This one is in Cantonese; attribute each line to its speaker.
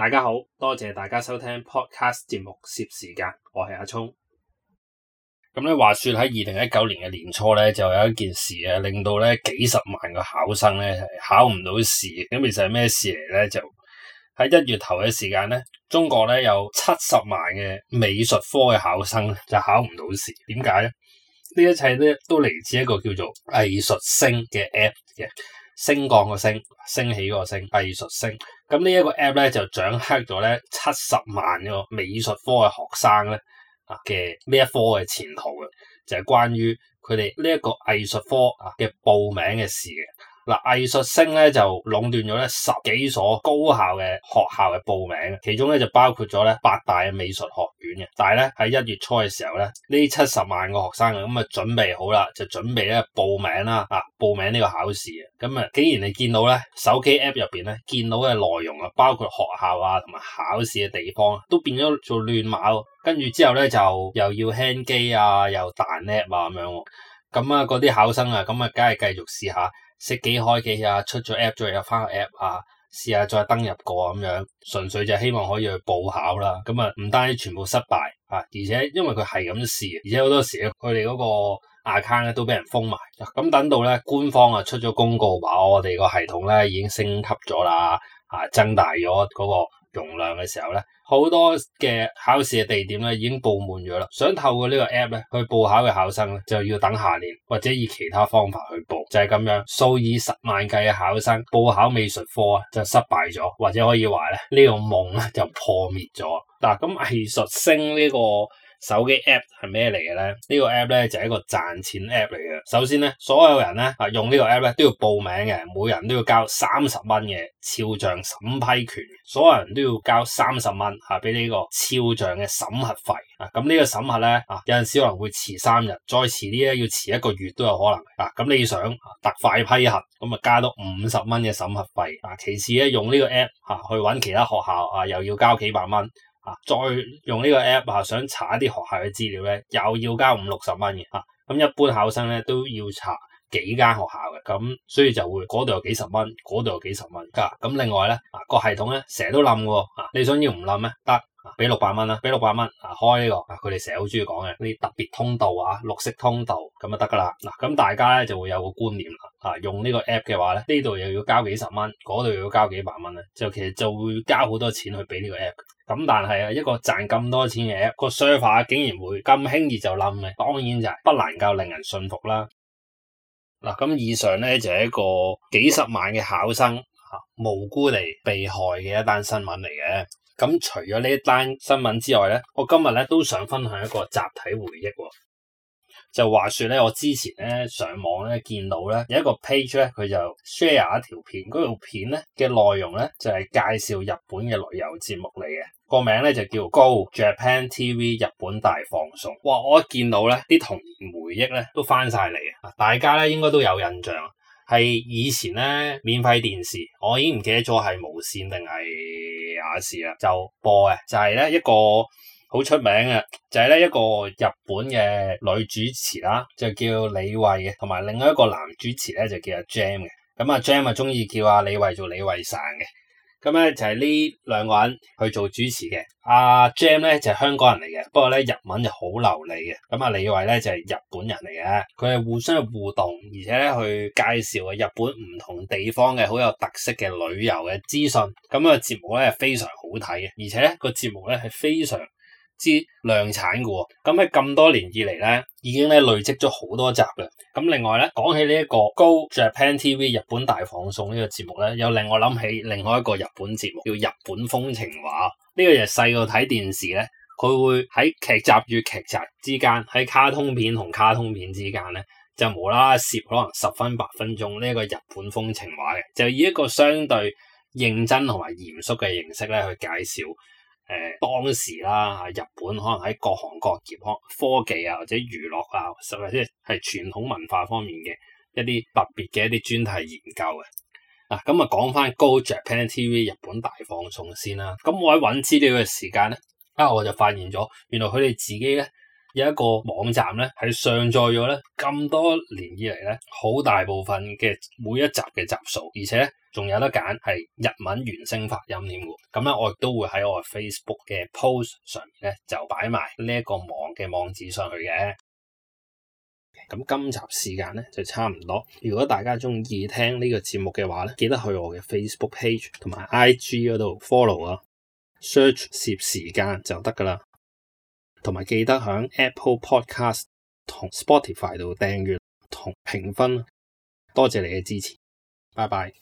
Speaker 1: 大家好，多謝大家收聽 podcast 節目攝時間，我係阿聰。咁咧，話說喺二零一九年嘅年初咧，就有一件事啊，令到咧幾十萬嘅考生咧考唔到試。咁其實係咩事嚟咧？就喺一月頭嘅時間咧，中國咧有七十萬嘅美術科嘅考生就考唔到試。點解咧？呢一切咧都嚟自一個叫做藝術星嘅 App 嘅。升降個升，升起個升，藝術升。咁呢一個 app 咧就掌握咗咧七十萬個美術科嘅學生咧啊嘅呢一科嘅前途嘅，就係、是、關於佢哋呢一個藝術科啊嘅報名嘅事嘅。嗱，藝術升咧就壟斷咗咧十幾所高校嘅學校嘅報名，其中咧就包括咗咧八大嘅美術學。但係咧喺一月初嘅時候咧，呢七十萬個學生啊，咁啊準備好啦，就準備咧報名啦啊！報名呢個考試啊，咁啊竟然你見到咧手機 app 入邊咧見到嘅內容啊，包括學校啊同埋考試嘅地方都變咗做亂碼，跟住之後咧就又要撳機啊，又彈 app 啊咁樣，咁啊嗰啲考生啊，咁啊梗係繼續試下熄機開機啊，出咗 app 再入翻 app 啊。試下再登入過咁樣，純粹就希望可以去報考啦。咁啊，唔單止全部失敗啊，而且因為佢係咁試，而且好多時佢哋嗰個 account 咧都俾人封埋。咁等到咧官方啊出咗公告話，我哋個系統咧已經升級咗啦，啊增大咗嗰個。容量嘅時候咧，好多嘅考試嘅地點咧已經報滿咗啦。想透過呢個 app 咧去報考嘅考生咧，就要等下年或者以其他方法去報，就係咁樣。數以十萬計嘅考生報考美術科啊，就失敗咗，或者可以話咧呢個夢咧就破滅咗。嗱，咁藝術升呢個。手機 app 係咩嚟嘅咧？呢、這個 app 咧就係一個賺錢 app 嚟嘅。首先咧，所有人咧啊用呢個 app 咧都要報名嘅，每人都要交三十蚊嘅肖像審批權，所有人都要交三十蚊吓俾呢個肖像嘅審核費。啊，咁、這、呢個審核咧啊有陣時可能會遲三日，再遲啲咧要遲一個月都有可能。嗱、啊，咁你想特快批核，咁啊加多五十蚊嘅審核費。啊，其次咧用呢個 app 吓去搵其他學校啊，又要交幾百蚊。啊！再用呢個 app 啊，想查一啲學校嘅資料咧，又要交五六十蚊嘅吓。咁、啊、一般考生咧都要查幾間學校嘅，咁、啊、所以就會嗰度有幾十蚊，嗰度有幾十蚊。咁、啊啊、另外咧，啊個系統咧成日都冧嘅，啊你想要唔冧咧得，俾六百蚊啦，俾六百蚊啊開呢個啊，佢哋成日好中意講嘅啲特別通道啊，綠色通道咁就得噶啦。嗱、啊，咁、啊、大家咧就會有個觀念。啊，用呢個 app 嘅話咧，呢度又要交幾十蚊，嗰度又要交幾百蚊咧，就其實就會交好多錢去俾呢個 app。咁但係啊，一個賺咁多錢嘅 app，個 server 竟然會咁輕易就冧嘅，當然就係不能夠令人信服啦。嗱，咁以上咧就係一個幾十萬嘅考生啊，無辜地被害嘅一單新聞嚟嘅。咁除咗呢一單新聞之外咧，我今日咧都想分享一個集體回憶喎。就話說咧，我之前咧上網咧見到咧有一個 page 咧，佢就 share 一條片，嗰條片咧嘅內容咧就係介紹日本嘅旅遊節目嚟嘅，個名咧就叫 Go Japan TV 日本大放送。哇！我一見到咧啲童年回憶咧都翻晒嚟啊！大家咧應該都有印象，係以前咧免費電視，我已經唔記得咗係無線定係亞視啊，就播嘅，就係咧一個。好出名嘅就係、是、咧一個日本嘅女主持啦，就叫李慧嘅，同埋另外一個男主持咧就叫阿 Jam 嘅。咁阿 Jam 啊鍾意叫阿李慧做李慧散嘅。咁咧就係呢兩個人去做主持嘅。阿、啊、Jam 咧就係、是、香港人嚟嘅，不過咧日文就好流利嘅。咁啊李慧咧就係、是、日本人嚟嘅，佢係互相互動，而且咧去介紹啊日本唔同地方嘅好有特色嘅旅遊嘅資訊。咁啊節目咧係非常好睇嘅，而且咧、這個節目咧係非常。之量產嘅喎，咁喺咁多年以嚟咧，已經咧累積咗好多集喇。咁另外咧，講起呢、這、一個 Go Japan TV 日本大放送呢個節目咧，又令我諗起另外一個日本節目叫《日本風情話》。呢、這個又細個睇電視咧，佢會喺劇集與劇集之間，喺卡通片同卡通片之間咧，就無啦啦攝可能十分八分鐘呢一個日本風情話嘅，就以一個相對認真同埋嚴肅嘅形式咧去介紹。誒當時啦，日本可能喺各行各業科技啊，或者娛樂啊，甚至係傳統文化方面嘅一啲特別嘅一啲專題研究嘅。啊，咁啊講翻 Go Japan TV 日本大放送先啦。咁我喺揾資料嘅時間咧，啊我就發現咗，原來佢哋自己咧。有一個網站咧，係上載咗咧咁多年以嚟咧，好大部分嘅每一集嘅集數，而且仲有得揀係日文原聲發音添喎。咁咧，我亦都會喺我 Facebook 嘅 post 上面咧就擺埋呢一個網嘅網址上去嘅。咁、okay，今集時間咧就差唔多，如果大家鍾意聽呢個節目嘅話咧，記得去我嘅 Facebook page 同埋 IG 嗰度 follow 啊，search 攝時間就得㗎喇。同埋記得喺 Apple Podcast 同 Spotify 度訂閱同評分，多謝你嘅支持，拜拜。